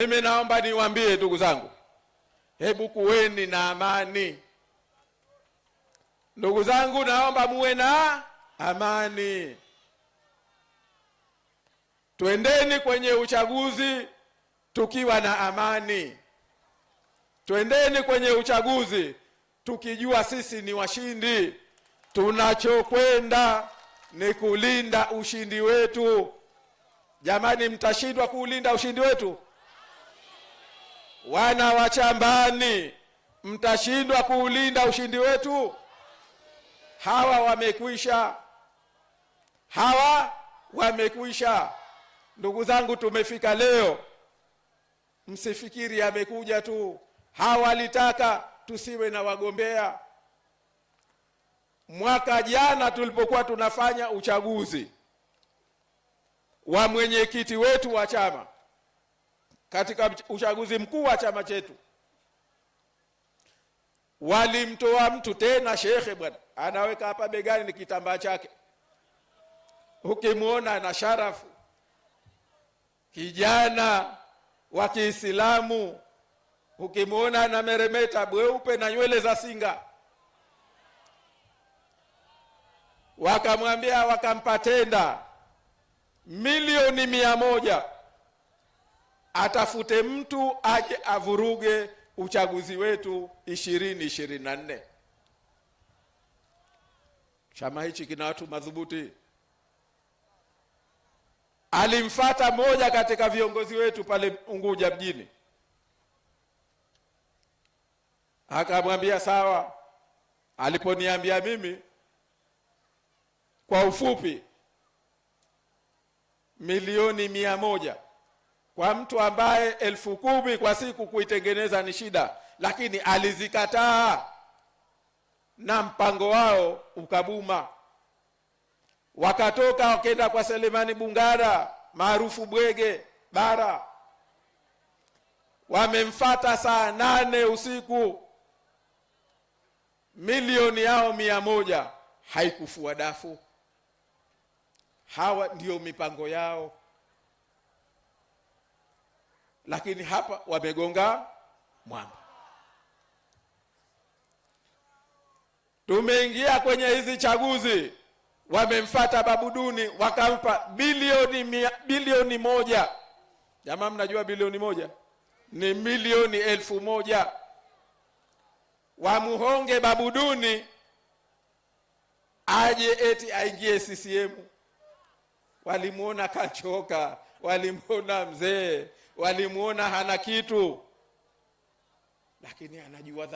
Mimi naomba niwaambie ndugu zangu, hebu kuweni na amani. Ndugu zangu, naomba muwe na amani. Twendeni kwenye uchaguzi tukiwa na amani. Twendeni kwenye uchaguzi tukijua sisi ni washindi. Tunachokwenda ni kulinda ushindi wetu. Jamani, mtashindwa kuulinda ushindi wetu? Wana Wachambani, mtashindwa kuulinda ushindi wetu. Hawa wamekwisha, hawa wamekwisha. Ndugu zangu, tumefika leo, msifikiri amekuja tu. Hawa walitaka tusiwe na wagombea. Mwaka jana tulipokuwa tunafanya uchaguzi wa mwenyekiti wetu wa chama katika uchaguzi mkuu wa chama chetu walimtoa mtu tena shekhe, bwana anaweka hapa begani ni kitambaa chake, ukimwona na sharafu, kijana wa Kiislamu, ukimwona na meremeta bweupe na nywele za singa. Wakamwambia, wakampatenda milioni mia moja atafute mtu aje avuruge uchaguzi wetu ishirini ishirini na nne. Chama hichi kina watu madhubuti. Alimfata moja katika viongozi wetu pale Unguja mjini, akamwambia sawa. Aliponiambia mimi kwa ufupi, milioni mia moja kwa mtu ambaye elfu kumi kwa siku kuitengeneza ni shida, lakini alizikataa na mpango wao ukabuma. Wakatoka wakenda kwa Selemani Bungara maarufu Bwege Bara, wamemfata saa nane usiku. Milioni yao mia moja haikufua dafu. Hawa ndiyo mipango yao lakini hapa wamegonga mwamba. Tumeingia kwenye hizi chaguzi, wamemfata babu Duni wakampa bilioni mia, bilioni moja. Jamaa, mnajua bilioni moja ni milioni elfu moja. Wamuhonge babu Duni aje eti aingie CCM. walimwona kachoka, walimwona mzee walimuona hana kitu, lakini anajua